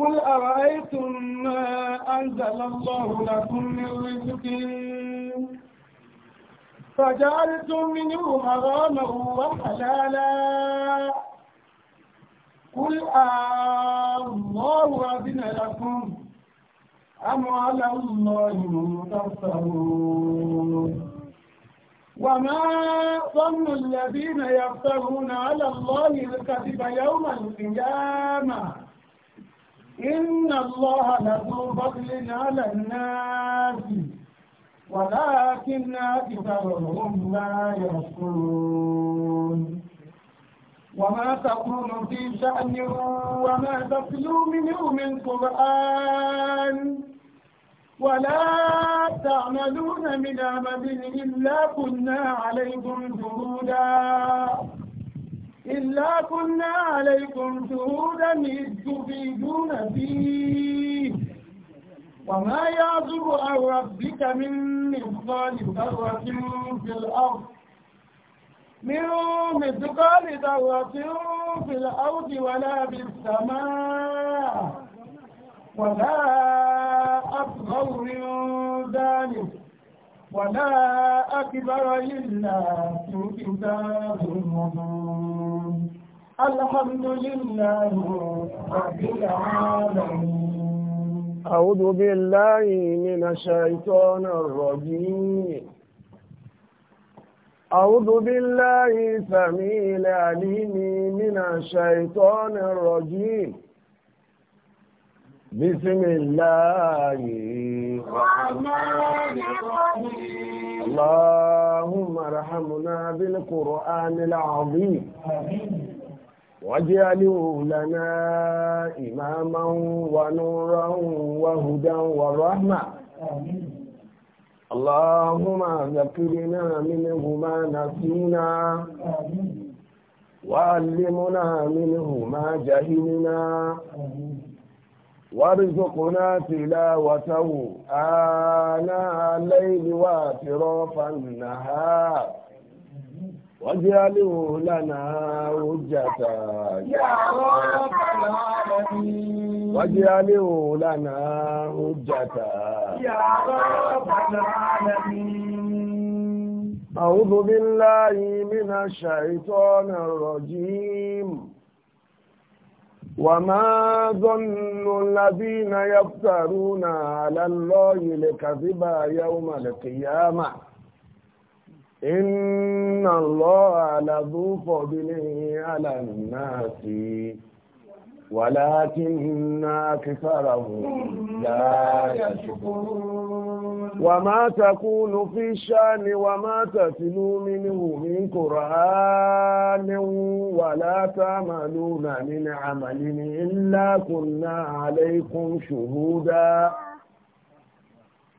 قل أرأيتم ما أنزل الله لكم من رزق فجعلتم منه حراما وحلالا قل آه الله أذن لكم أم على الله تفترون وما ظن الذين يفترون على الله الكذب يوم القيامة إن الله لذو فضل على الناس ولكن أكثرهم لا يشكرون وما تقول في شأن وما تتلو منه من قرآن ولا تعملون من عمل إلا كنا عليكم شهودا إلا كنا عليكم شهودا إذ تفيدون فيه وما يعزب عن ربك من مثقال ذرة في الأرض من مثقال ذرة في الأرض ولا في السماء ولا أصغر من ذلك ولا أكبر إلا في كتاب مبين الحمد لله رب العالمين أعوذ بالله من الشيطان الرجيم أعوذ بالله سميع العليم من الشيطان الرجيم بسم الله الرحمن الرحيم اللهم ارحمنا بالقرآن العظيم آمين na wadliwolana imawụwarụụwa hụdwa lhụ ma arịa ụ a hia waroụna pịlwatawụ ana ala iri watịrpadụ na ha واجعله لنا حجة يا رب العالمين واجعله لنا حجة يا رب العالمين أعوذ بالله من الشيطان الرجيم وما ظن الذين يفترون على الله الكذب يوم القيامة إن inna Allaha ladhu fadlin 'ala an-nasi ولكن أكثرهم لا يشكرون وما تكون في شان وما تتلو منه من قرآن ولا تعملون من عمل إلا كنا عليكم شهودا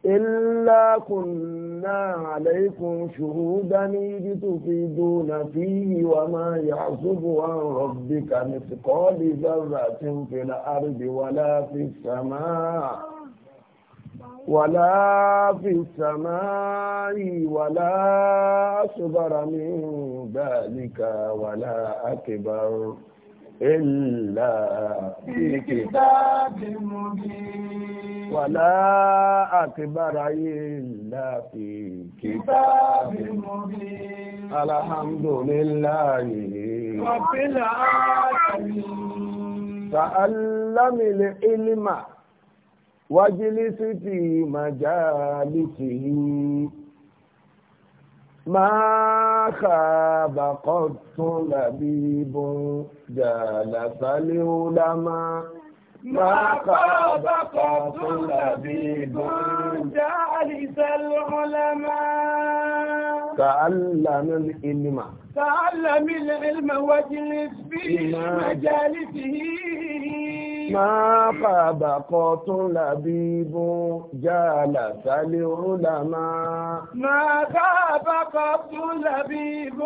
إلا كنا عليكم شهودا إذ تفيدون فيه وما يعصب عن ربك مثقال ذرة في الأرض ولا في السماء ولا في السماء ولا أصغر من ذلك ولا أكبر إلا في كتاب مبين wàlá àkìbára yé láti kìbá alhamdulillahi rọ̀bílá àtàrí sàálàmìlẹ̀ ilmà wájílísìtì màjálìsìhì máa kààbà kọ́ tún làbíbọn jàlásálẹ́ ó lámáà ما خاب قط لبيب جالس العلماء تعلم العلم تعلم العلم واجلس في مجالسه ما خاب قط لبيب جالس العلماء ما خاب قط لبيب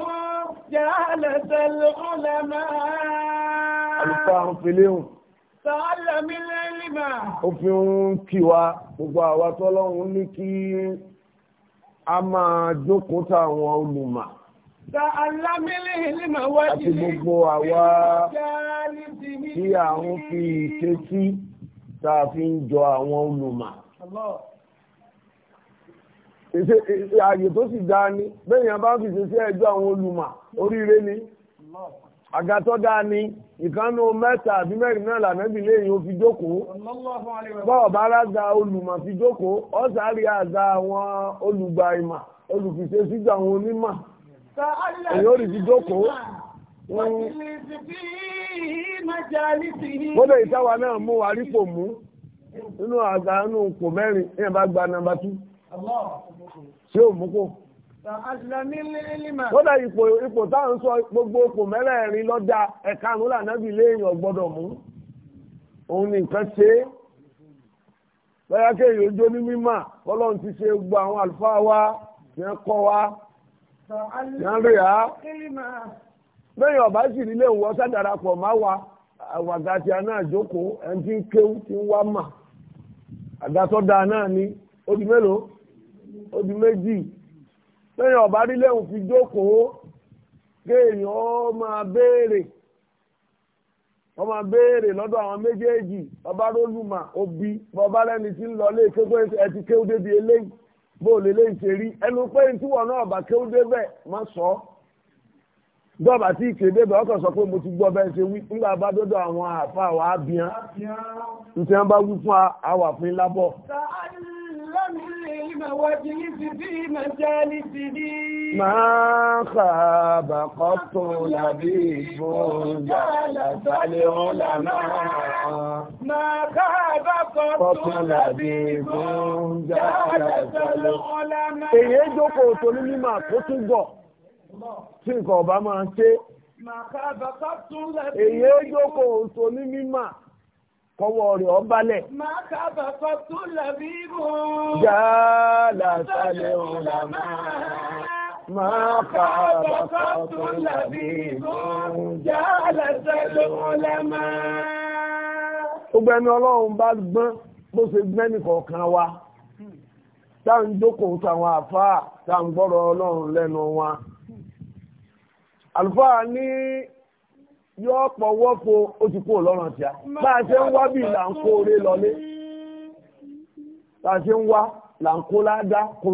جالس العلماء الفاهم في اليوم ó fi ń kí wa gbogbo àwa tọ́lọ́run ní kí a máa jókòó táwọn olùmọ̀. Àti gbogbo àwa tí à ń fi ìṣe sí tá a fi ń jọ àwọn olùmọ̀. Ààyè tó sì dá ní, bẹ́ẹ̀ yẹn bá fi ṣe sí ẹjọ́ àwọn olùmọ̀, oríire ni. Allah àga dáa ni ìkànnì mẹ́ta àbí mẹ́rin náà lànàbí léyìn ó fi jókòó bọ́ọ̀ bá ráza olùmọ̀ fi jókòó ọ̀sàárì àza àwọn olùgbà ìmọ̀ olùfìṣe síjọ àwọn onímọ̀ èyí ó rí fi jókòó. Kódé ìtawà náà mú àrípò mú nínú àgbà nínú kò mẹ́rin ní ẹ̀bá gba nàmbà tú. Ṣé ò mú kò? kódà ipò ipò táà sọ gbogbo ipò mẹ́rẹ̀ẹ̀rin lọ́jà ẹ̀ka àmúlà nábì léèyàn gbọ́dọ̀ mú òun ni nǹkan ṣe é lọ́yà kéèyàn ojú ní mímà kọ́lọ́n ti ṣe gbogbo àwọn àlùfáà wa kọ́ wa lẹ́yìn ọ̀bá sì nílé ni ó di lẹ́yìn ọ̀bá rílẹ̀ òun fi jókòó kéèyàn ó máa béèrè ó máa béèrè lọ́dọ̀ àwọn méjèèjì ọba rólùmà òbí bọba lẹ́ni tí ń lọ lé kéwé ẹ ti kéwú débi eléyìí bó o lè lè ṣe rí ẹnu pé tíwọ̀ náà ọba kéwú débẹ̀ má sọ ọ́ dọ́ọ̀bà tí ìkéde débẹ̀ ọkàn sọ pé mo ti gbọ́ bẹ́ẹ̀ ṣe wí nígbà bá dọ́dọ̀ àwọn àfa àwọn abiyan ntẹ́ wọn bá wí fún àwàfin lábọ̀. ما خاب قط لبيب جلس العلماء ما خاب قط لبيب جلس العلماء èyí jókòó tó ní mímọ̀ kó tún gọ̀ tí nǹkan ọba máa ṣe èyí jókòó tó ní mímọ̀ kọwọ́ rẹ̀ ọbalẹ̀. Máa kábà fàtú làbí mú. Jàálà sálẹ̀ òlà máa. Máa kábà fàtú làbí mú. Jàálà sálẹ̀ òlà máa. Gbogbo ẹni ọlọ́run bá gbọ́n bó ṣe gbẹ́ nìkọ̀ọ̀kan wa. Táà ń jókòó táwọn wa. Àlùfáà ní yóò pọ̀wọ́ fo ó ti kúrò lọ́rùn tíá bá a ṣe ń wá bí là lọlé bá a ṣe ń wá là ń kó ládá kò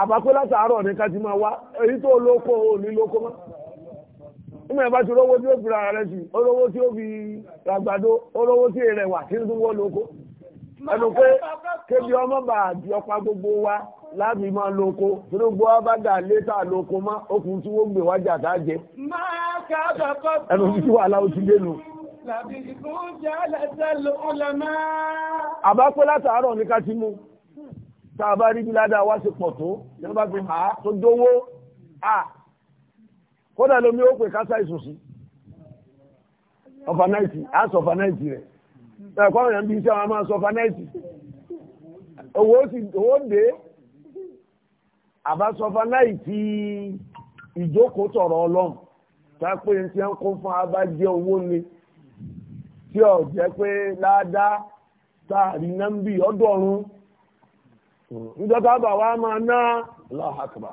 àbákó látàárọ̀ ní ká ti máa wá èyí tó lóko ò lóko mọ́ nígbà yẹn bá ti rówó tí ó fi rárá rẹ sí olówó tí ó fi ràgbàdo olówó tí tí ń lóko ẹnu láti máa lóko torí gbọ́ bá dà létà lóko má okùn tí wọ́n gbè wájà tá jẹ ẹnu tí wà láwọ́ ti dé nu. àbápẹ́ látàárọ̀ ní ká ti mú tá a bá rí bí ládàá wá sí pọ̀ tó ní wọ́n bá fi hà á tó dówó à kódà lómi ó pè kásá ìsòsí ọ̀fànáìtì á sọ ọ̀fànáìtì rẹ̀ ẹ̀kọ́ rẹ̀ iṣẹ́ wọn máa sọ ọ̀fànáìtì owó dé àbásọfà láì fi ìjókòó tọrọ ọlọ́run tá pé n ti ń kó fún abájẹ́ owó ni tí ọ jẹ́ pé ládàá táàrí nẹ́mbì ọdọ̀run níjọba bàbá wa máa ná lọ́hàkàbà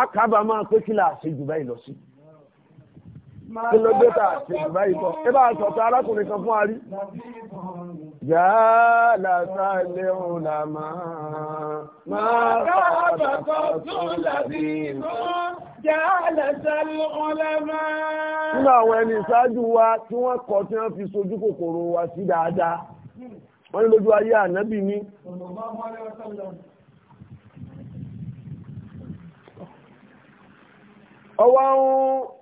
àkàbà máa pé kí láàṣejù báyìí lọ sí i. kí ló dé tà àti ìgbà yìí ẹ bá sọ̀tọ̀ arákùnrin kan fún arí. yàrá sálẹ̀ ọ̀la máa máa fàtàkọ́ tún làbí mọ́. yàrá sálẹ̀ ọ̀la máa. nínú àwọn ẹni ìṣáájú wa tí wọ́n kọ́ tí wọ́n fi sojú kòkòrò wa sí dáadáa wọ́n ní lójú ayé ànábì ní. ọwọ́ ń.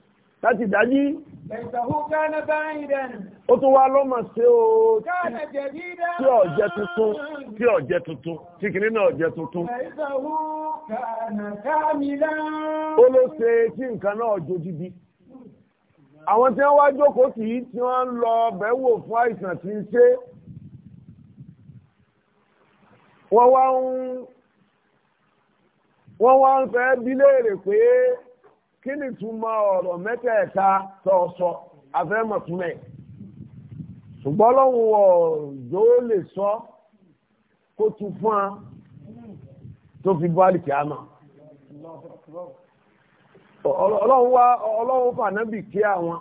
láti dájí. Ó tún wá lọ́mọ̀ sí o ọ̀jẹ́ tuntun, tuntun, náà tuntun. Ó ló ṣe kí nǹkan náà jójúbí. Àwọn tí wọ́n wá jókòó sí tí wọ́n ń lọ bẹ̀wò fún àìsàn tí ń ṣe. Wọ́n wá ń fẹ́ bí kini ni túmọ̀ ọ̀rọ̀ mẹ́tẹ̀ẹ̀ta sọ̀ọ̀sọ̀ afẹ́mọ̀túnmẹ̀ ṣùgbọ́n lọ́wọ́ ọ̀dọ́ lè sọ kó fún a tó fi bọ́ àlìkí àmà ọlọ́run wá ọlọ́run fànábì kí àwọn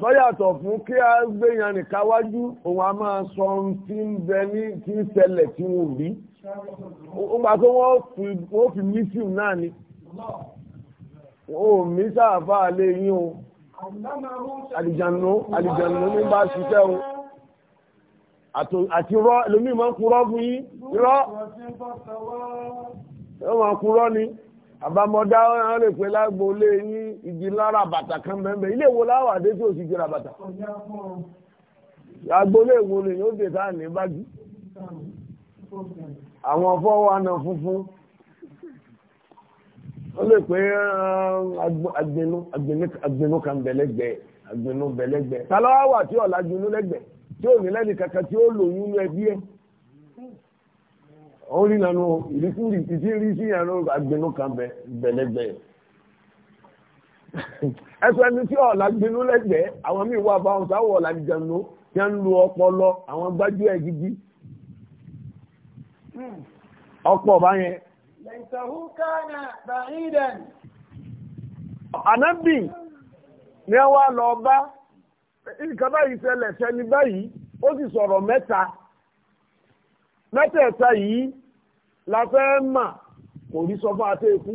sọ́yàtọ̀ fún kí a gbéyàn nìka wájú òun a máa sọ ohun tí ń bẹ ní tí ń ṣẹlẹ̀ tí wọ́n rí ó gbà tó wọ́n fi mísìn náà ni. o mi sáàfà lè yín o àlìjànú àlìjànú ní bá ṣiṣẹ́ o àti rọ́ lómi máa ń kúrọ́ fún yín rọ́ yóò máa kúrọ́ ni àbámọ́dá ọ̀hún lè pè lágbo lé yín igi lára bàtà kan mẹ́mẹ́ ilé ìwò láwà dé tí ò sì jẹrà bàtà agbolé ìwò lè yóò dé sáà ní bájú àwọn fọ́wọ́ àna funfun wọ́n lè pé eh, agbẹnú agbẹnú kan bẹ̀lẹ́gbẹ̀ẹ́ agbẹnú bẹ̀lẹ́gbẹ̀ẹ́ ta ló wà tí ọ̀la agbẹnú lẹ́gbẹ̀ẹ́ tí ò ní lẹ́ni kankan tí ó lòyún ní ẹbí ẹ̀ ó rí lanu ìrísí ìrísí ìrísí ìyànà agbẹnú kan bẹ̀lẹ́gbẹ̀ẹ́ ẹsùn ẹni tí ọ̀la agbẹnú lẹ́gbẹ̀ẹ́ àwọn míì wà báwọn sáwọ́ ọ̀la jẹun tí wọ́n ń lo ọpọlọ àwọn gbájú ẹ̀ gidi ọ̀pọ̀ báyẹn lẹ́yìntàhú káàna bàídàn. ànábì ni a wá lọ bá nǹkan báyìí ṣẹlẹ̀ ṣẹni báyìí ó sì sọ̀rọ̀ mẹ́ta mẹ́tẹ̀ẹ̀ta yìí la fẹ́ mà kò rí sọ fún àti ikú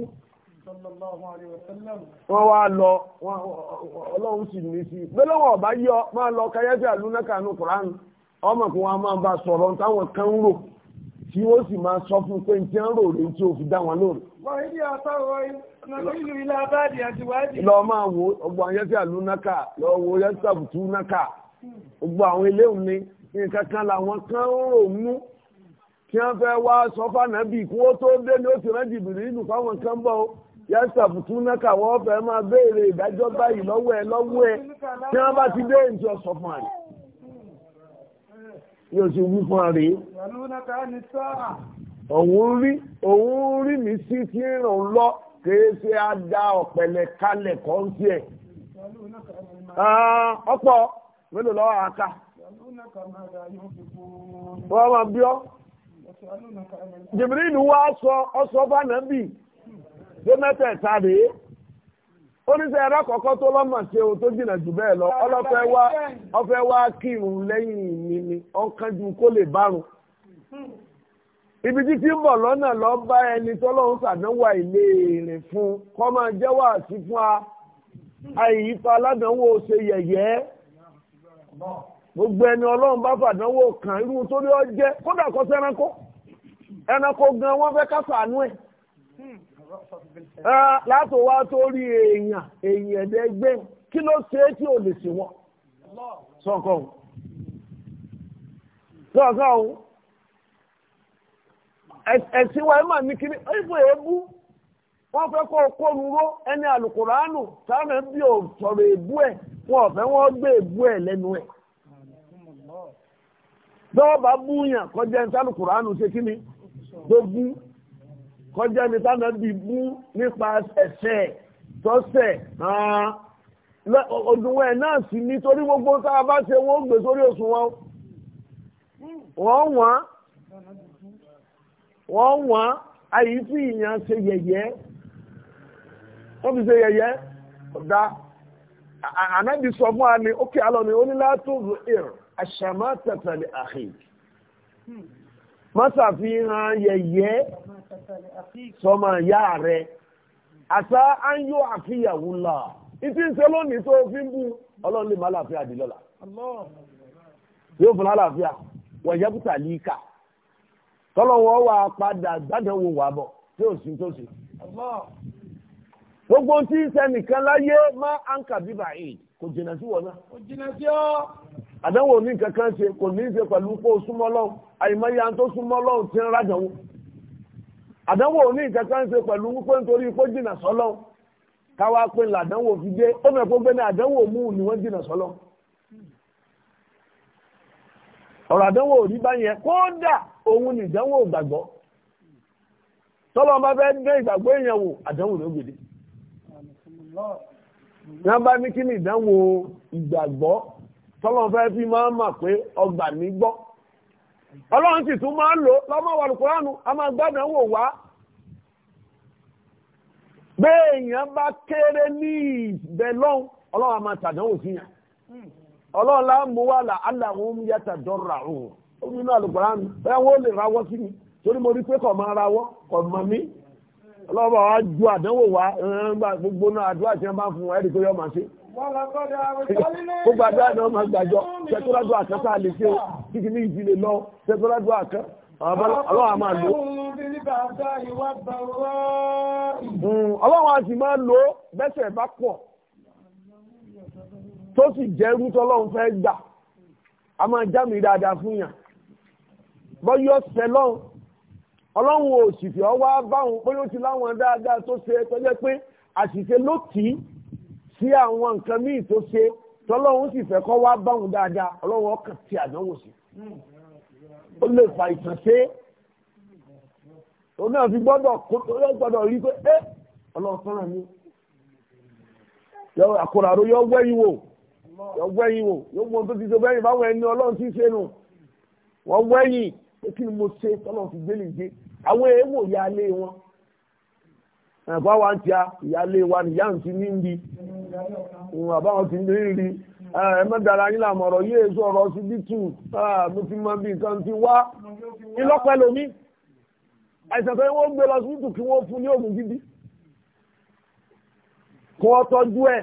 wọ́n wá lọ ọlọ́run sì ní sí gbẹ́lọ́wọ̀n ọ̀bá yọ máa lọ kayẹ́sì kùránù ọmọ kí wọ́n máa bá sọ̀rọ̀ tí ó sì máa sọ fún pé tí ń rò rí tí ó fi dá wọn lóòrè. lọ máa wo ọgbọ àwọn yẹtí àlú náka lọ wo yẹtí àbùtú náka gbogbo àwọn ilé òní nǹkan kan làwọn kan ń rò mú kí wọ́n fẹ́ wá sọ fànàbí kí wọ́n tó dé ní ó ti rán jìbìrì nínú fáwọn kan bọ ọ yẹtí àbùtú náka wọ́n fẹ́ máa béèrè ìdájọ́ báyìí lọ́wọ́ ẹ lọ́wọ́ ẹ kí wọ́n bá ti dé ìjọ sọ fún àná yóò ṣe wí fún ààrẹ òun rí òun rí mi sí tí ń ràn lọ kìí ṣe á dá ọ̀pẹ̀lẹ̀ kalẹ̀ kan sí ẹ̀ ọ̀pọ̀ mélòó lọ́wọ́ àká wọ́n máa bí ọ́ jìbìrì ìlú wa sọ ọ́ sọ fún ànábì tó mẹ́tẹ̀ẹ̀ta rèé. oníṣẹ́ ẹ̀rọ àkọ́kọ́ tó lọ́mọ̀ ṣe ohun tó jìnà jù bẹ́ẹ̀ lọ ọlọ́fẹ́ wá ọfẹ́ wá kírun lẹ́yìn mi ni ọ̀kanjú kó lè bárun. ibi tí ń bọ̀ lọ́nà lọ bá ẹni tọ́lọ́run ṣàdánwò àìlè èrè fún kọ́ máa jẹ́wọ́ àti fún wa àìyípa aládánwò ṣe yẹ̀yẹ́ gbogbo ẹni ọlọ́run bá fàdánwò kàn irú torí ọ jẹ́ kódà kọ́ sẹ́ranko ẹranko gan wọ́n fẹ́ látò wá tó rí èèyàn èèyàn ẹ̀dẹ́gbẹ́ kí ló ṣe é tí ò lè sí wọn sọ̀kọ̀ ọ̀hún sọ̀kọ̀ ọ̀hún ẹ̀sìn wa ẹ̀ máa ní kíní ìfò èébú wọ́n fẹ́ kó kóruró ẹni àlùkùránù táwọn ẹbí ò sọ̀rọ̀ èébú ẹ̀ wọn ọ̀fẹ́ wọn gbé èébú ẹ̀ lẹ́nu ẹ̀ tọ́wọ́ bá búyàn kọjá ẹni tálùkùránù ṣe kíní tó bú kọjá ní tánà bí bú nípa ẹ̀ṣẹ̀ tọ́sẹ̀ ah, ọdúnwọ̀ ẹ̀ náà sì ní torí gbogbo tá a bá ṣe wọ́n gbé sórí òṣùwọ̀n wọ́n wọ́n wọ́n wọ́n àyè tí ìyàn ṣe yẹ̀yẹ́ wọ́n fi ṣe yẹ̀yẹ́ ọ̀dà ànábì sọ fún wa ní ókè alọ́ ni ó ní látòrò ìrìn àṣàmá tẹ̀tẹ̀lẹ̀ àhìn má ṣàfihàn yẹ̀yẹ́ sọmọ ìyá rẹ̀ àṣà á ń yọ àfihàn ńlá ìtí ń ṣe lónìí tó fi ń bú ọlọ́run lè má láàfíà dì lọ́la yóò fún láàfíà wọ̀ yẹ́bùtà líkà tọ́lọ́wọ́ wà padà gbádẹ́wò wà bọ̀ tí ò sí tó sí. gbogbo tí sẹ́nìkan láyé má ń kàbí báyìí kò jìnà sí wọ̀nà. kò jìnà sí ọ́. àdánwò ní kankan ṣe kò ní í ṣe pẹ̀lú kó súnmọ́ lọ́wọ́ àyìnbáyà tó súnmọ́ lọ́wọ́ ti ń rájọ̀ wọn. àdánwò ní ìkẹ́kẹ́ ń pẹ̀lú wípé nítorí pé jìnnà sọ́lọ́ káwá pé fi dé ó mẹ́pọ̀ gbé ní àdánwò mú ni wọ́n jìnnà sọ́lọ́ ọ̀rọ̀ àdánwò ò ní bá kódà òun ni ìdánwò gbàgbọ́ tọ́lọ́ bá fẹ́ ìgbàgbọ́ èèyàn wò àdánwò ló gbèdé wọ́n bá ní ni ìdánwò ìgbàgbọ́ tọ́lọ́ fẹ́ fi máa mà pé ọgbà ọlọ́run sì tún máa ń lò lọ́mọ wà lùkúránù a máa gbọ́dọ̀ wò wá pé èèyàn bá kéré ní ìbẹ̀ lọ́hùn ọlọ́run a máa tàdánwò sí yàn ọlọ́run lá mú wà là aláwọn yàtà dọ́ra òun ó nínú àlùkúránù bẹ́ẹ̀ wọ́n lè rawọ́ sí mi torí mo rí pé kò máa rawọ́ kò mọ̀ mí ọlọ́run bá wa ju àdánwò wá gbogbo náà àdúrà tí wọ́n bá fún ẹ̀rí tó yọ màá ṣe ó gbàdúrà náà máa gbàjọ tẹ́tọ́lájú àkán sáà lè ṣe o títí ní ìdílé lọ tẹ́tọ́lájú àkán ọlọ́wà máa lò hmm, ọlọ́wà sì máa lò bẹ́sẹ̀ bá pọ̀ tó sì jẹ́rú tọ́lọ́run fẹ́ gbà a máa jámi dáadáa fún yàn bọ́yọ́ sẹ́lọ́run ọlọ́run ò sì fi ọwá báwọn pé ó ti láwọn dáadáa tó ṣe tọ́jẹ́ pé àṣìṣe ló sí àwọn nǹkan míì tó ṣe tọ́lọ́run sì fẹ́ kọ́ wá báwọn dáadáa ọlọ́run ọkàn ti àdánwò sí ó lè fa ìtànṣe òun náà fi gbọ́dọ̀ gbọ́dọ̀ rí pé ẹ́ ọlọ́run fẹ́ràn mi àkùràrò yọ wẹ́yìn wò yọ wẹ́yìn wò tó ti ṣe wẹ́yìn báwọn ẹni ọlọ́run ti ṣe nù wọ́n wẹ́yìn pé kí ni mo fi gbé àwọn èèwò ìyáálé wọn ẹ̀fọ́ wa ń tia ìyáálé wa ìwọ̀n àbáwọn ti ń lè rí ẹ̀mẹ́dàra yín làmọ̀ ọ̀rọ̀ èso ọ̀rọ̀ sí bítù mo ti mọ bí nǹkan ti wá ìlọ́pẹ́ lomi àìsàn tó wọ́n gbé lọ sí kí wọ́n fún ní gidi wọ́n tọ́jú ẹ̀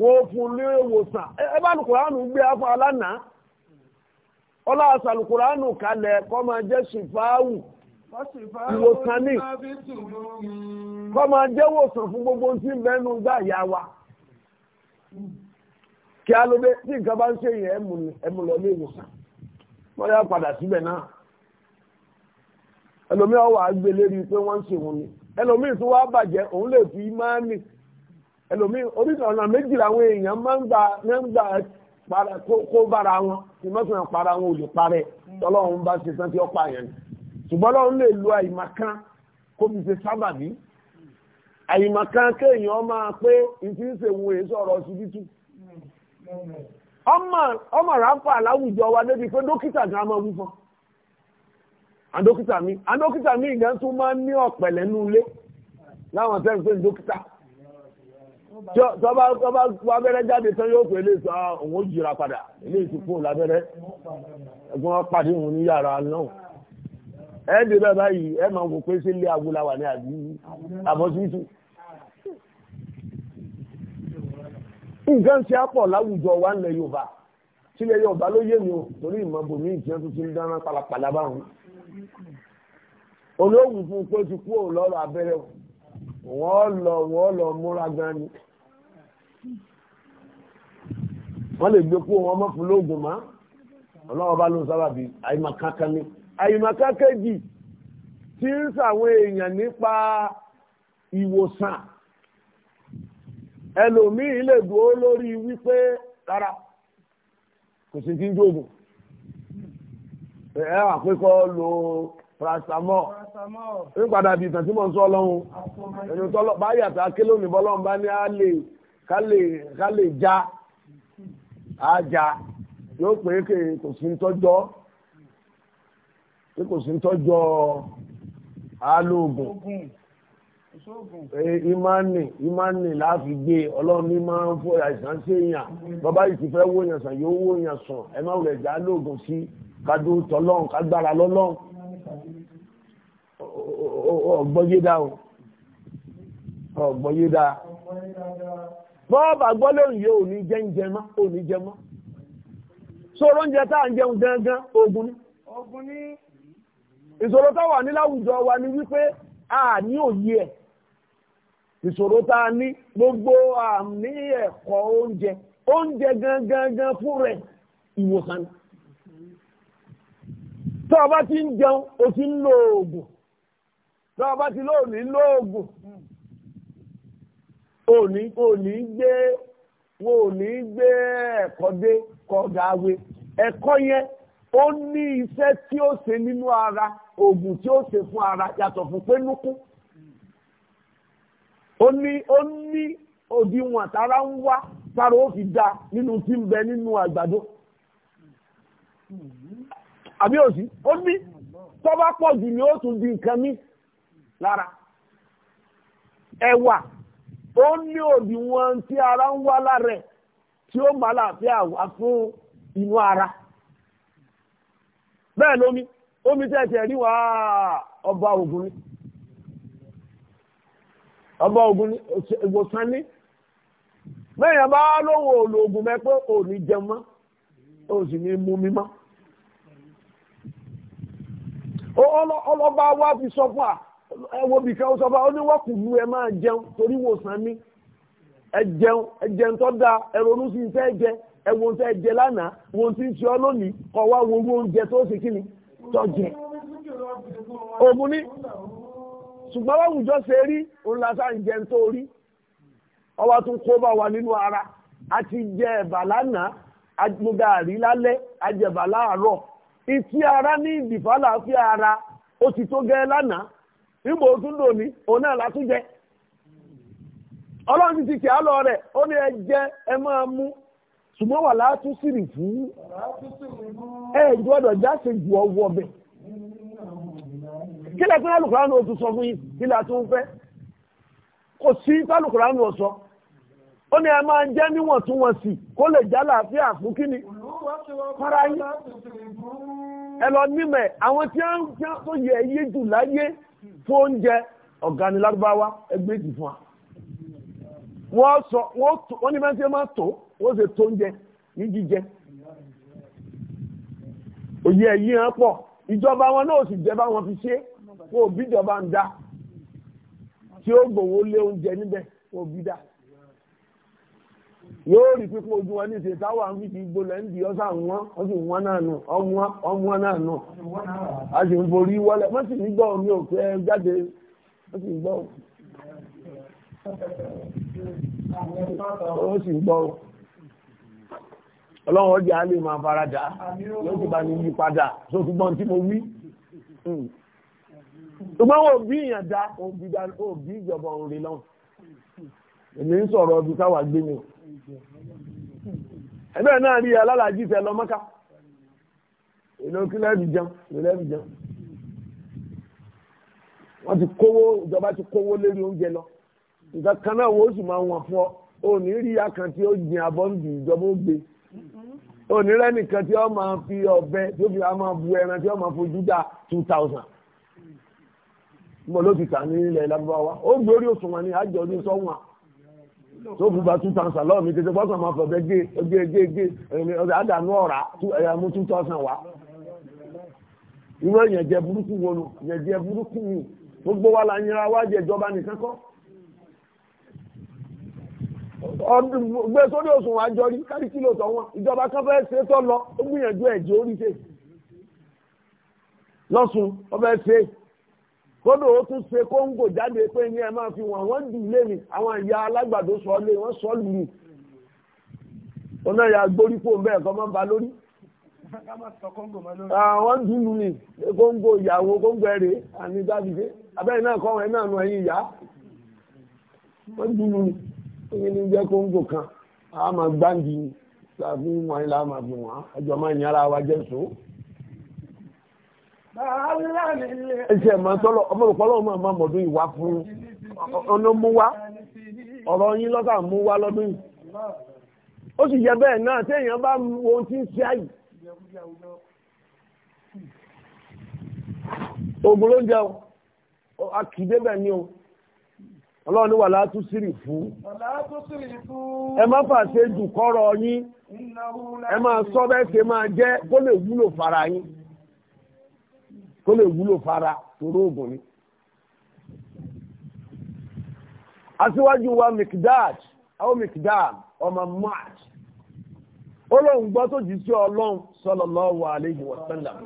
wọ́n fún ní ìwòsàn ẹ bá gbé ìwòsàn ní kọ́ máa jẹ́ wòsàn fún gbogbo tí ń bẹ́nu gbà yá wa kí á ló dé tí nǹkan bá ń ṣe yẹn ẹmu lọ ní ìwòsàn wọ́n yá padà síbẹ̀ náà ẹlòmíì ọwọ́ àgbè lérí pé wọ́n ń ṣe òun ni ẹlòmíì tó wá bàjẹ́ òun lè fi máa nì ẹlòmíì oríṣi ọ̀nà méjì làwọn èèyàn máa ń gbà ń gbà kó bára wọn ìmọ̀sán para wọn ò lè parẹ́ tọ́lọ́run bá ṣe tán tí ó pààyàn ni. ṣùgbọ́n onye lè lo àyìmọ̀kan kó fi ṣe sábàbí àyìmọ̀kan kéèyàn máa pé ìfi ń èyí sọ̀rọ̀ ọmọ ráńpà láwùjọ wa débi pé dókítà gan máa wú fún dokita mi àdókítà mi ịga tún máa ń ní ọ̀pẹ̀lẹ̀ nínú ilé láwọn tẹ́ ń abẹ́rẹ́ jáde tán yóò òun jìra padà fún un lábẹ́rẹ́ pàdé ẹ̀ẹ́dì náà báyìí ẹ máa wò pé sílé agúláwà ní àbí àbọ̀sítù nǹkan ṣe àpọ̀ láwùjọ wa ń lẹ Yorùbá sílẹ̀ Yorùbá ló yé mi o torí ìmọ̀bò mi ìjẹun tó ti ń dáná pàlàpàlà báwọn olóògùn fún pé ti kú òun lọ́rọ̀ abẹ́rẹ́ wọ́n lọ wọ́n lọ múra gan ni wọ́n lè gbé kú wọn mọ́ fún lóògùn mọ́ ọlọ́wọ́ bá ló sábàbí àyè máa kankan ní. àyìnmọ̀ká kejì tí ń sàwọn èèyàn nípa ìwòsàn ẹlòmíì lè dúró lórí wípé rárá kò sí kí n jòògùn ẹ lo paracetamol ń padà bí ìtàn tí mò ń sọ ọlọ́run ẹni tọ́lọ́ bá yàtọ̀ akélò ní bá ní ká lè já já yóò pé tí kò sí tọ́jọ́ alóògùn imani imani láti gbé ọlọ́run ní máa ń fún àìsàn sí èèyàn bàbá yìí ti fẹ́ wóyàn sàn yóò wóyàn sàn ẹ má wulẹ̀ já lóògùn sí kádó tọlọ́run kágbára lọ́lọ́run ọ̀gbọ́yédá o ọ̀gbọ́yédá bọ́ọ̀bà gbọ́lẹ̀rùn yóò ní jẹ́ǹjẹ mọ́ ò ní jẹ mọ́ sóòrò oúnjẹ táà ń jẹun gangan ogun ní ìṣòro tá wà ní láwùjọ wa ni wípé a ní òye ẹ̀ ìṣòro tá a ní gbogbo àmì ẹ̀kọ́ oúnjẹ oúnjẹ gangan fún rẹ̀ ìwòsàn tó o bá ti ń jẹun o ti ń lo oògùn tó o bá ti lò ní lo oògùn òní òní gbé wọn ò ní gbé ẹ̀kọ́ dé kọ̀dáwé ẹ̀kọ́ yẹn ó ní iṣẹ́ tí ó ṣe nínú ara ogun tí ó se fún ara yàtọ̀ fún pé nukú ó ní ó ní òdiwọ̀n tára ń wá tára ó fi dá nínú tí ń bẹ nínú àgbàdo àbí òsì ó ní tó bá pọ̀ jù ni ó tún di nǹkan mí lára ẹ̀wà ó ní òdiwọ̀n tí ara ń wá lára ẹ̀ tí ó máa láàfin àwà fún inú ara bẹ́ẹ̀ lómi omi tẹ́tẹ̀ rí wá ọba ogun ọba ogun ni ìwòsàn ni mẹ́rin bá lóhùn òòlù ògùn mẹ́ pé jẹun mọ́ ò sì ní mú mi ọlọ́ba wa fi sọ fún wa ẹwọ bìkan ó sọ fún ó ní wọ́n kù lu ẹ máa jẹun torí ìwòsàn tó dáa jẹ jẹ lánàá ti ń ṣe lónìí tó jẹ ògùn ní ṣùgbọ́n ṣe rí òun lásán ń jẹun tó rí tún kó bá wà nínú ara a ti jẹ ẹ̀bà lánàá agbógaàrí lálẹ́ ajẹ̀bà láàárọ̀ ìtí ara ní fi ara ó ti tó gẹ́ lánàá nígbà òtún lónìí òun náà látún jẹ ọlọ́run ti ti á ní ẹ jẹ ẹ ṣùgbọ́n wà látú sírì fún ẹ̀ gbọ́dọ̀ jáse jù ọwọ́ bẹ̀. kí lẹ́kùn alùkùránù oṣù sọ fún yìí kí lẹ́kùn tó ń fẹ́ kò sí alùkùránù ọ̀sọ́ ó ní ẹ máa ń jẹ́ níwọ̀ntúnwọ̀nsì kó lè já láàfíà fún kí ni fara yín ẹ lọ nímẹ̀ àwọn tí wọ́n yẹ iye jù láyé fún oúnjẹ ọ̀gá ni lárúbáwá ẹgbẹ́ ìdìfún wa wọ́n sọ wọ́n ní mẹ́tí máa tó wọ́n ṣe tó oúnjẹ ní jíjẹ òye ẹ̀yí hàn pọ̀ ìjọba wọn náà sì jẹ́ báwọn fi ṣe kó òbí ìjọba ń dá tí ó gbòwó lé oúnjẹ níbẹ̀ kó òbí dá yóò rí pípọ̀ ojú wọn ní ṣe táwọn àwọn fìdí gbolẹ̀ ń di ọ́sà wọn wọ́n sì wọ́n náà nù ọ̀wọ́n ọ̀wọ́n náà nù a sì ń borí wọlé wọ́n sì ní gbọ́ mi ò fẹ́ jáde wọ́n sì ń gbọ́ ó sì gbọ́ ọlọ́run ọjà lè máa faradà yóò ti bá ní yí padà tó fi gbọ́n tí mo wí hmm. ṣùgbọ́n òbí ìyànjá òbí ìjọba òrìn náà èmi ń sọ̀rọ̀ ọdún táwà gbé mi ẹgbẹ́ náà rí alálàájì fẹ́ lọ mọ́ká èlò kílẹ̀bì jẹun kílẹ̀bì jẹun wọ́n ti kówó ìjọba ti kówó lérí oúnjẹ lọ nǹkan kan náà wọ́n sì máa wọ̀n fún ọ òní rí akàn tí ó jìn abọ́ ń bì ìjọba ó gbé mm-hmm. òní rẹ́nìkan tí ó máa fi ọ̀bẹ tí ó fi máa bu ẹran tí ó máa fojú dá two thousand mm-hmm. mo ló ti tà ní ilẹ̀ lábúbáwá ó gbórí òṣùwọ̀n ni àjọ ní sọ́wọ́n tó fi gba two thousand lọ́wọ́ mi kí n ṣe fọ́sàn máa fọ̀bẹ gé gé gé gé ọ̀dà àdánù ọ̀rá mú two thousand wá irú ẹ̀yẹ̀jẹ̀ burúkú wọnú ẹ̀yẹ̀jẹ̀ burúkú mi gbogbo wa la nyira wa jẹ ìjọba nìkan kọ́ gbé sórí òsùn àjọ rí kárí kílò tọ́ wọn ìjọba kan fẹ́ ṣe tọ́ lọ ó gbìyànjú ẹ̀jẹ̀ orí ṣe lọ́sùn ọbẹ̀ ṣe kódò ó tún ṣe kóńgò jáde pé ní ẹ máa fi wọn àwọn dùlé mi àwọn ìyá alágbàdo sọ lé wọn sọ lù mí ọ̀nà ìyá gbórípò bẹ́ẹ̀ kọ́ máa ń ba lórí. àwọn dùlù ni kóńgò ìyàwó kóńgò ẹ̀rẹ́ àní dábìdé abẹ́rẹ́ náà kọ́ wọn ẹ̀ náà nù ẹ̀yìn ìyá wọ́n dùlù ni ní ní jẹ́ kóńgò kan a máa gbáǹdì láàbí wọn ilá máa bù wọn ẹjọ́ máa yàrá wa jẹ́ so. ẹsẹ̀ máa tọ́lọ̀ ọmọ òpọ́lọ́ máa máa mọ̀dún ìwà fún ọlọ́múwá ọ̀rọ̀ yín lọ́sà mú wá lọ́dún yìí. ó sì yẹ bẹ́ẹ̀ náà téèyàn bá ohun tí ń ṣe àyè. oògùn ló ń jẹun akìdébẹ̀ ni o. ọlọ́run ní wà látú sírì fún ẹ má fàṣe jù kọ́rọ̀ yín ẹ máa sọ bẹ́ẹ̀ ṣe máa jẹ́ kó lè wúlò fara yín kó lè wúlò fara torí oògùn ni. aṣíwájú wa mikdad àwọn mikdad ọmọ march ó lóun gbọ́ tó jí sí ọlọ́run sallallahu alaihi wasallam.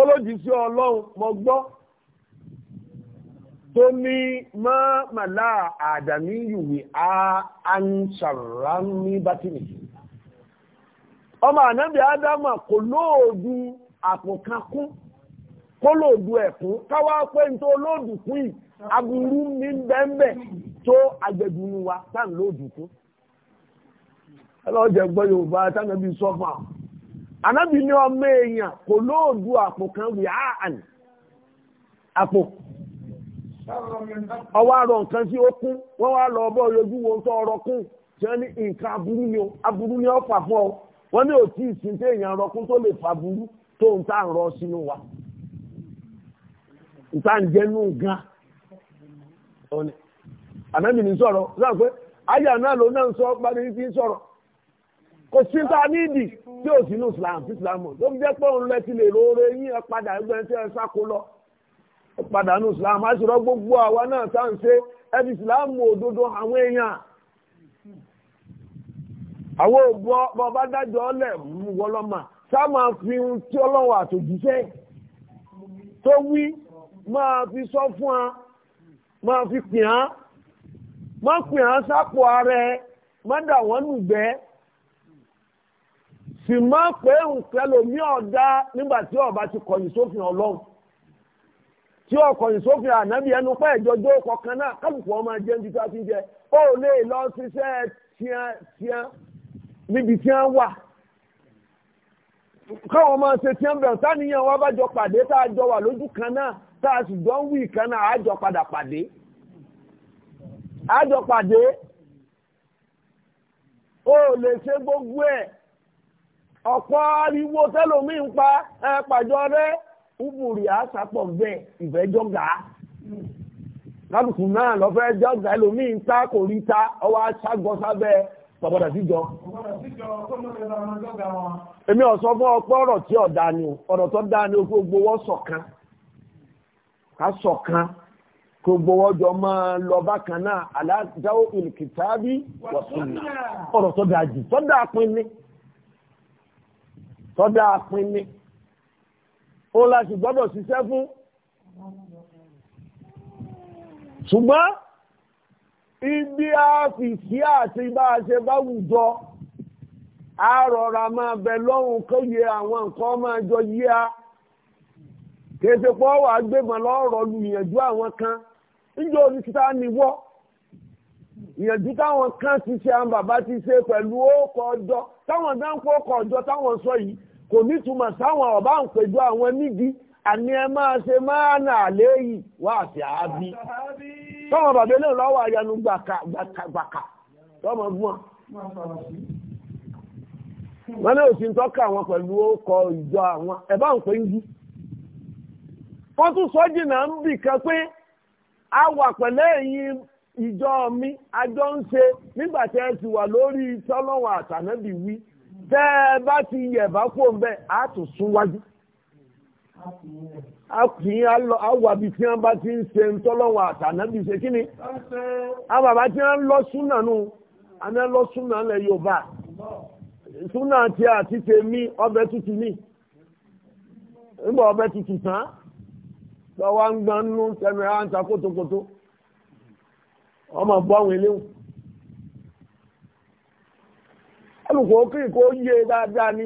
olójìṣẹ́ ọlọ́run mọ gbọ́ tó ní mọ́ màlá àdàmí ìwé ní bátìmì ọmọ ànábì adama kò lóòdù àpòkankún kó lóòdù ẹ̀kún káwá pé ní tó lóòdù fún yìí agbúrú ní bẹ́ẹ̀bẹ́ wa lóòdù ẹlọ́jẹ̀ gbọ́ yorùbá tánàbí sọ́fà Anabi ní ọmọ èèyàn kò lóòdù àpò kan wì á àpò ọwọ́ àrọ̀ nǹkan tí ó kún wọ́n wá lọ ọbọ̀ yọjú wo tó ọrọ̀ kún tí wọ́n ní nǹkan aburú ni aburú ni ó fà fún ọ wọ́n ní òtí ìsìn èèyàn rọkún tó lè burú tó ń tà ń rọ sínú wa ń tà ń gan sọ̀rọ̀ pé ayé àná ló náà sọ kò sí ta nídìí tí ò sínú islam sí islam ló fi jẹ́ pé òun lẹ́tí lè roore yín ẹ padà ẹgbẹ́ tí ẹ sáko lọ ẹ padà islam á sì rọ gbogbo àwa náà tá à ń ṣe ẹ fi islam òdodo àwọn èèyàn àwọn òbọ bọba dájọ ọlẹ mú wọlọmọ sá máa fi ohun tí ọlọ́wọ́ àtòjíṣẹ́ tó wí máa fi sọ fún wa máa fi pìàn má pìàn sápò ara ẹ má dà wọ́n nùgbẹ́ sì má pé nǹkan lòmí ọ̀dá nígbà tí ọba ti kọ̀yìn sófin ọlọ́run tí ọkọ̀yìn sófin ànábì ẹnu pẹ́ ìjọjọ́ kọ̀ọ̀kan náà kálukú ọmọ jẹ́ níbi tí a ti jẹ ó lè lọ ṣiṣẹ́ tiẹ́ tiẹ́ níbi tí wọ́n wà káwọn ọmọ ṣe tiẹ́ bẹ̀rẹ̀ táníyàn wa bá jọ pàdé tá a jọ wà lójú kan náà tá a sì jọ ń wí kan náà àjọ padà pàdé àjọ pàdé ó lè ṣe gbogbo ẹ̀ ọ̀pọ̀ ariwo tẹ́lómi ń pa ẹ pàjọ rẹ ubùrì àṣàpọ̀ bẹ́ẹ̀ ìfẹ́jọ́gà lálùkù náà lọ́fẹ́ jọ́gà ẹlòmí ń ta kò rí ta ọwọ́ aṣágbọ́ sábẹ́ pàpàdà síjọ. èmi ọ̀sọ́ fún ọpọ́ ọ̀rọ̀ tí ọ̀dà ni o ọ̀rọ̀ tó dá ni o kó gbowó ṣọ̀kan ká ṣọ̀kan kó gbowó jọ máa lọ bákan náà alájáwó ìlkìtàbí wọ̀sùn ọ̀rọ̀ tó dáa jù tó dáa pin ni tọ́dá apinni ó láti gbọ́dọ̀ ṣiṣẹ́ fún ṣùgbọ́n ibi àfìsí àti bá a ṣe bá wùjọ a rọra máa bẹ lọ́hùn kó yẹ àwọn nǹkan máa jọ yí a kèsè pọ́ wà gbẹ̀mọ̀ lọ́rọ̀ lu ìyànjú àwọn kan níjọ́ orí títa níwọ́ ìyànjú táwọn kan ti ṣe àwọn bàbá ti ṣe pẹ̀lú ó kọjọ́ táwọn dáńpọ̀ kọjọ́ táwọn sọ yìí kò ní túmọ̀ sáwọn ọ̀bá ń pẹ̀jọ àwọn nídi àní ẹ máa ṣe máa nà léyìí wá àti àábí bàbá ilé lọ́wọ́ àyànú gbàkà tọ́mọ gbọ́n wọ́n ní òsì ń tọ́ka àwọn pẹ̀lú ọkọ̀ ìjọ àwọn ẹ̀bá ń ń jìnnà ń bì pé a wà pẹ̀lẹ́ ìjọ mi a jọ ń ṣe ti wà lórí tọ́lọ́wọ̀n àtànábì wí tẹ́ ẹ bá ti yẹ̀ bá kó ń bẹ́ a tún sún a kì í àwọ̀ àbí tí wọ́n bá ti ń ṣe ń tọ́lọ́wọ̀ àtànábì ṣe kí ni. a bàbá tí wọ́n lọ súnà nù àná lọ súnà lẹ̀ Yorùbá súnà tí a ti ṣe mí ọbẹ̀ tútù mí. nígbà ọbẹ̀ tútù tán lọ́wọ́ ń gbọ́n nú tẹnu ẹ̀ à ń ta kótókótó ọmọ bọ́ àwọn eléwọ̀n. ẹnùkọ́ kí kò yé dáadáa ni.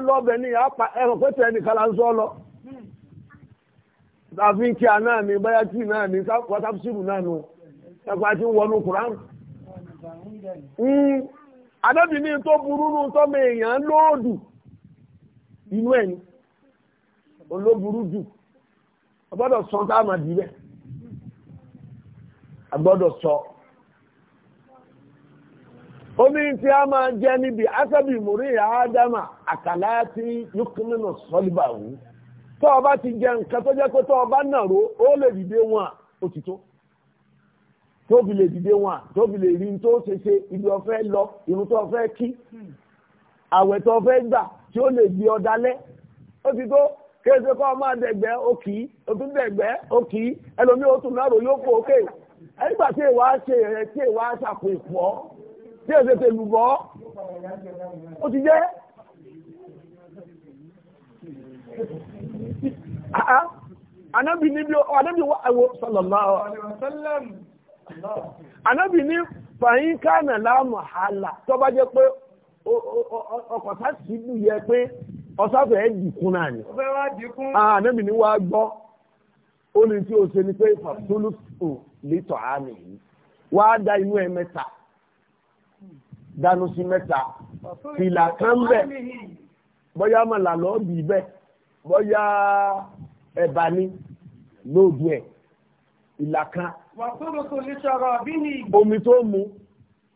alọ́bẹ̀ ni ẹ̀rọ̀ pé tẹ̀ nìkan ń sọ lọ. àfin hmm. a náà ni báyàtì náà ni wọ́tàbísìrù náà nù ẹ̀kọ́ àti wọnú kùrán. adébì hmm. ní tó burú nù tọ́mọ èèyàn lóòdù inú ẹ̀ ni olóburú jù ọgbọ́dọ̀ sọ omi ti a máa jẹ níbi asábì múrí àádámà àkàlà Akala, yókùnmínú sọ́líbà tó ọba ti jẹ nǹkan tó jẹ́ pé ọba nàró ó lè dìde wọn òtítọ́ tó lè dìde wọn tó lè rí tó ibi lọ irun tó ọ̀fẹ́ kí àwẹ̀ tó ọ̀fẹ́ gbà tí ó lè di kéèsè kọ́ òkì òtún òkì tún náà rò yóò fò ókè ẹgbà tí èèwà ṣe tí èèwà bí ẹ̀sẹ̀ tẹ lùbọ́ ó ti jẹ́ anábì ah, ah. ní bí ó anábì wá ẹwọ sallallahu alaihi wasallam anábì ní fàyín kánà láàmù hàlà tó bá jẹ́ pé ọkọ̀ sásìlú yẹ pé ọsáfẹ́ ẹ̀ dìkún náà ni anábì ah, ní wá gbọ́ ó ní tí ó ṣe ni pé fàtúlù lítọ̀ àmì yìí wá da inú ẹ̀ mẹ́ta dánú sí mẹ́ta fìlà kan bẹ̀ bóyá màlà lọ́ọ́ bì bẹ́ bóyá ẹ̀bà ni lóògùn ẹ̀ ìlà kan. omi tó mu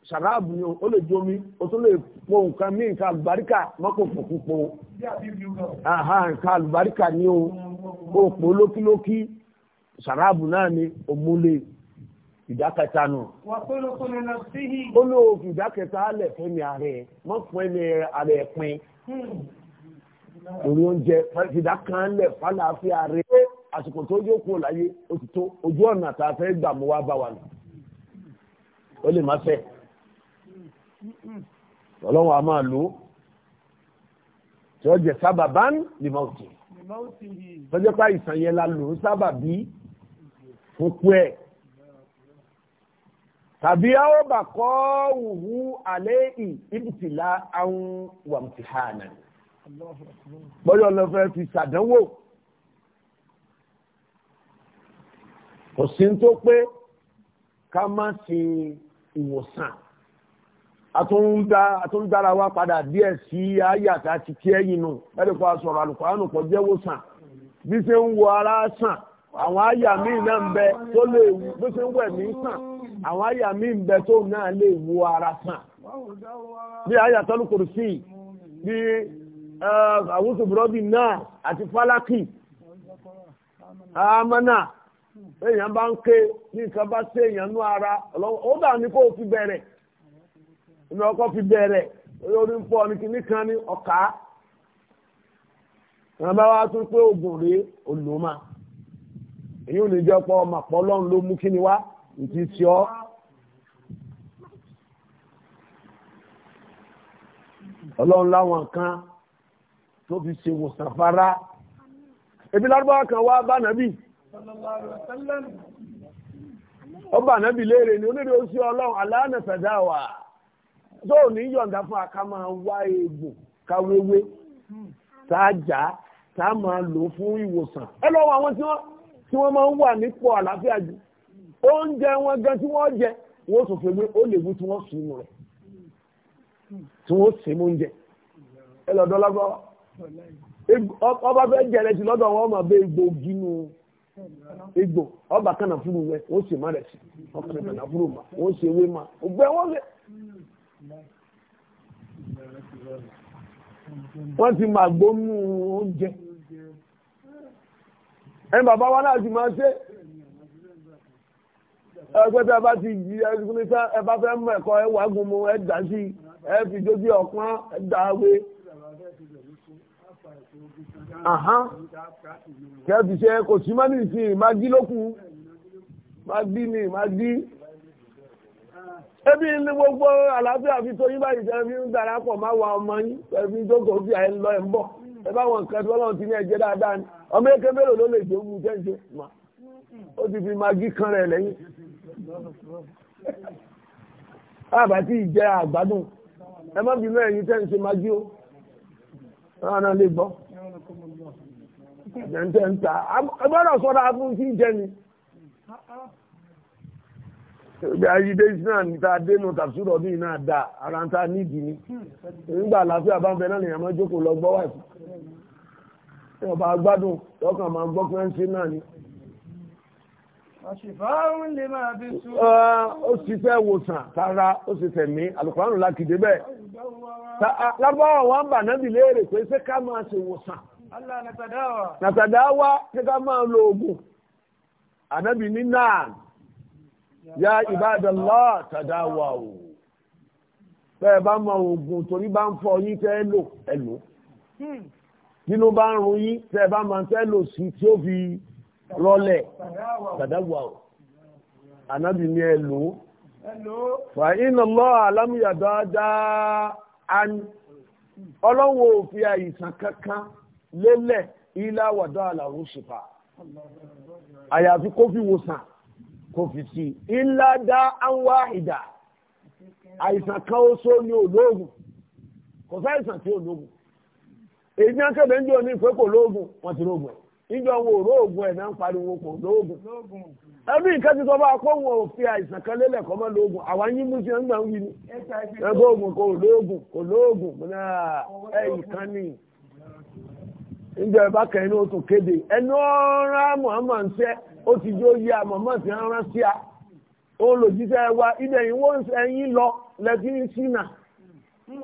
ṣàráàbù ni ó lè jomi ó tún lè po nǹkan mí nǹkan àlùbáríkà mọ́kò pòpòpò nǹkan àlùbáríkà ni ó pò lókílókí ṣàráàbù náà ni òmùlé ìdákẹta nù. ó ló òfin ìdákẹta lẹ̀ fún mi ààrẹ mọ́ fún ẹni ààrẹ pin orí hmm. oúnjẹ ìdá kan lẹ̀ fàlàáfíà rẹ̀ àsìkò tó jókòó láyé ó ti tó ojú ọ̀nà tá a fẹ́ gbà mú wá bá wa nù ó lè má fẹ́ ọlọ́run a máa lò ó tí sábà bá ń lè máa pa ìsàn lò ó sábà bí fún kú tàbí àwọ̀bà kọ́ wùhú alẹ́ ìbùtìlá wa wàmtìhánà bọ́yọ̀ lọ fẹ́ fi ṣàdánwò kò sí tó pé ká má ṣe ìwòsàn wa padà díẹ̀ sí ayàtà ti kí ẹ̀yìn nù ẹ̀dẹ̀kọ́ sọ̀rọ̀ àlùkò àánùkọ́ bí ṣe ń ara àwọn àyà míì náà ń tó lè bí ṣe ń wẹ̀ mí sàn. àwọn àyà mi ń bẹ tó náà lè wo ara sàn bí àyà tọ́lú kò bí àwùjọ bùrọ́dì náà àti fálákì amánà èèyàn bá ń ké ní nǹkan bá nú ara ó dà ní kó fi bẹ̀rẹ̀ ní ọkọ̀ fi bẹ̀rẹ̀ orí ń fọ́ ní kan ní ọ̀ká ìran bá wá tún pé oògùn rèé olùmọ̀ èyí ò ní jẹ́ ìtì ọlọ́run láwọn kan tó fi ṣe wòsàn fara ebi lárúbáwá kan wá bá nàbì ọba nàbì léèrè ni onídìí ó sí ọlọ́run aláàánà sàdáwà tó ní yọ̀ǹda fún aká wá egbò káwéwé sáájá lò fún ìwòsàn àwọn tí wọ́n máa ń wà nípò àlàáfíà oúnjẹ wọn gan tí jẹ wọ́n sọ fún mi ó lè wú tí wọ́n sùn nù rẹ̀ tí mú oúnjẹ ẹ ọba fẹ́ jẹrẹ sí lọdọ wọn máa bẹ egbò gínú egbò ọba kànáà fúru rẹ ó sì má rẹ̀ sí ọkùnrin kànáà fúru ma sì ewé wọ́n ti máa oúnjẹ ẹ bàbá wa ẹgbẹ́ta bá ti jí ẹgbẹ́ta ẹbá fẹ́ mọ̀ ẹ̀kọ́ ẹwà gúnmù ẹ̀dà sí ẹ̀fì jójú ọ̀pọ̀n ẹ̀dàwé kẹ́ẹ̀fì ṣe kò sí mọ́ nìsí magi lókù magi ni magi ebi ní gbogbo àlàáfíà fi tó yín báyìí tẹ́ fi ń darapọ̀ máa wà ọmọ yín tẹ́ fi jókòó fi àyè lọ ẹ̀ ń bọ̀ ẹ bá wọn nǹkan tí ti ní ẹ̀jẹ̀ dáadáa ni ọmọ eke mélòó ló lè dé ogun tẹ́ ń ṣe ó ti fi magi kan rẹ̀ lẹ́yìn àbá tí ìjẹ́ àgbádùn ẹ má bínú ẹ̀yin tẹ́ ń ṣe máa jí ó rárá lè gbọ́ jẹ́ǹtẹ́ ń ta ẹgbẹ́rún sọ́dá fún sí jẹ́ ni. Ibi ayíde náà ní ta dénú tàbísúrọ̀ bíi náà dà ara ń ta nídìí ni. Nígbà àlàáfíà bá ń bẹ náà lèèyàn máa jókòó lọ gbọ́ wà sí. Ìjọba agbádùn lọ́kàn máa gbọ́ pé ń ṣe náà ni ṣìfáhùn lè máa bí sùn. ó sì fẹ́ wòsàn tara ó sì fẹ̀mí alùpàánù lákìdé bẹ́ẹ̀. lábáwọ̀ wọn bà náà bìí léèrè pé ṣé ká máa ṣe wòsàn. nàtàdáwà ṣé ká máa lo oògùn. ànábì ní náà ya ibadallah tàdáwà o. bẹ́ẹ̀ bá mọ oògùn torí bá ń fọ yín tẹ́ lò ẹ̀ lò. nínú hmm. bá ń run yín tẹ́ bá máa tẹ́ lò sí tí ó fi. rọ́lẹ̀ tàdáwà ànábì ní ẹ fà iná lọ àlámúyà dáadáa ọlọ́wọ́ òfin àìsàn kankan lélẹ̀ ilá wàdá àlàrú ṣùpà àyàfi kó fi wòsàn kò fi sí ilá dá àwọn àìdá àìsàn kan ó só ní olóògùn kò sáìsàn tí ní akẹ́bẹ̀ẹ́ ń ìfẹ́ kò níjọ wo òró ògùn ẹ̀ náà ń pariwo kò lóògùn ẹbí nǹkan ti sọ bá kó wọn ò fi àìsàn kan lélẹ̀ kọ́ mọ́ lóògùn àwa yín mú ni ẹgbẹ́ kò lóògùn kò lóògùn kan ni Muhammad ó ti jó yí sí a wa ẹyin lọ sínà hmm.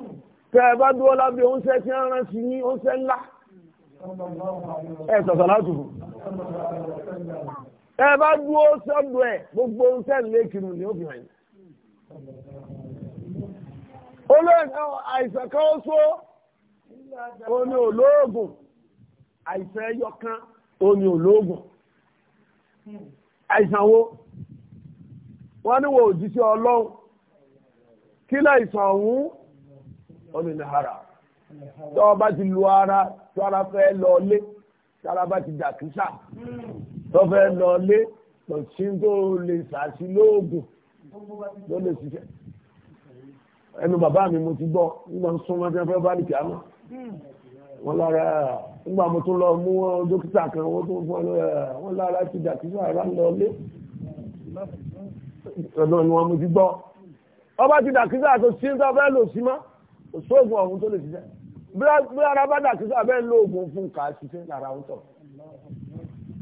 tẹ́ ẹ bá dúró lábẹ́ oúnjẹ tí ẹ sọ̀sọ̀ láti Ebe ẹ bá dúró sọ́dọ̀ ẹ̀ gbogbo kiri ni ó fi hàn yín. àìsàn kan ó só ó olóògùn àìsàn ẹyọ kan ó olóògùn àìsàn wo wọ́n ní wo kí láìsàn ti lu ara sára fẹ́ lọ lé sára bá ti dà kísà tó fẹ́ lọ lé kò sí tó lè sàṣì lóògùn ló lè ṣiṣẹ́ ẹnu bàbá mi mo ti gbọ́ nígbà ń súnmọ́ tí wọ́n fẹ́ bá lè kíá mọ́ wọ́n lára nígbà mo tún lọ mú dókítà kan wọ́n tún fọ́ wọ́n lára ti dà kísà rà lọ lé ọ̀dọ̀ ni wọ́n mo ti gbọ́ ọba ti dà kísà tó sí ń fẹ́ lò sí mọ́ òṣòògùn ọ̀hún tó lè ṣiṣẹ́ bí ara bá dà sísá bẹ́ẹ̀ ń lo oògùn fún kà á ṣiṣẹ́ lára ń tọ̀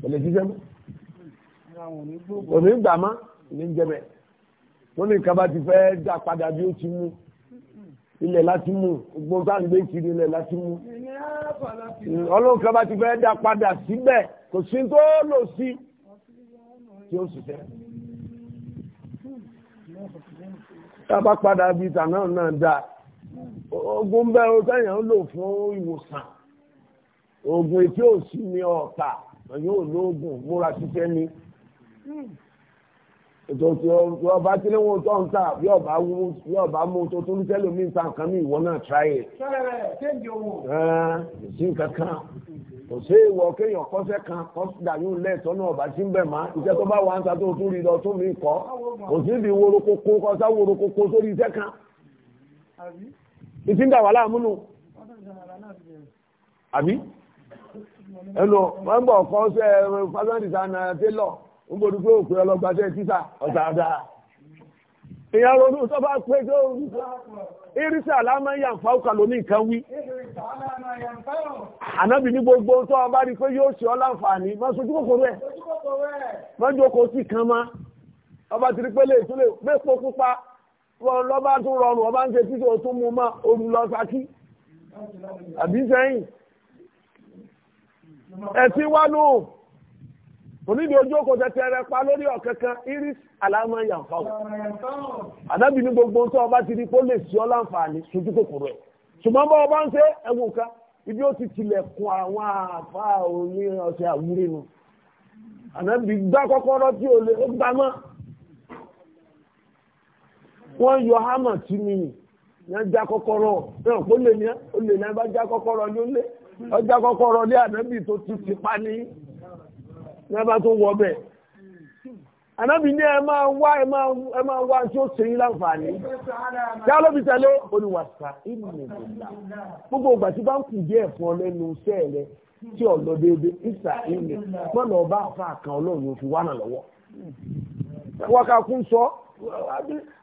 kò lè ṣiṣẹ́ mọ́ kò ní gbà má ní jẹ́bẹ̀ tó ní nǹkan bá ti fẹ́ dá padà bí ó ti mú ilẹ̀ láti mú gbogbo sáà ń gbé kiri ilẹ̀ láti mú ọlọ́run kan bá ti fẹ́ dá padà síbẹ̀ kò sí tó lò sí tí ó ṣiṣẹ́ tá a bá padà bí ìtàn náà náà dáa. ogun bẹ o sẹ́yìn ń lò fún ìwòsàn oògùn ètí òsì ni ọ̀tà yóò lóògùn múra ṣiṣẹ́ ni ètòtò ọba tíléwò tó ń tà bí ọba wú bí ọba mú tó tó tẹ́lẹ̀ mí ta nǹkan mi ìwọ náà tíráyè. kò sí nǹkan kan kò sí ìwọ kéèyàn kọ́sẹ́ kan kọ́sídà yóò lẹ́ẹ̀tọ́ náà ọba tí ń bẹ̀ má iṣẹ́ tó bá wà kan. ìtí ń dà wà láàmúnú àbí ẹnu wọ́n gbọ́ ọ̀kan ṣe fashion designer tailor ń títà ìyá ronú pé tó gbogbo tó ọba rí pé yóò ṣe má sojú kòkòrò má jókòó sí kan má ọba pé lọ́ba tún rọrùn ọba ń ṣe títí o tún mú mọ́ oru lọ Ṣakí àbí sẹ́yìn ẹ̀sìn wá nù onídìí ojú òkò rẹ pa lórí ọ̀kankan iris alamọ yanfa o àdábì ní gbogbo tó ọba ti di kó lè sí ọ láǹfààní sojú kòkòrò ẹ̀ ṣùgbọ́n bá ọba ń ṣe ẹ̀wọ̀n kan ibi ó ti tilẹ̀kùn àwọn àfa òní ọ̀sẹ̀ àwúrẹ́ nu àdábì gbá kọ́kọ́rọ́ tí ó lè ó wọ́n yọ hámà tí mi já kọ́kọ́rọ́ náà kó lè ní kọ́kọ́rọ́ ní ọjà kọ́kọ́rọ́ ní ànábì tó ti ti pa ní ní abá tó wọ bẹ́ẹ̀. ànábì ní ẹ máa wá ẹ máa wá tí ó láǹfààní a lóbi tẹ̀lé gbogbo ìgbà tí bá ń kù ọ lẹ́nu iṣẹ́ rẹ tí lọ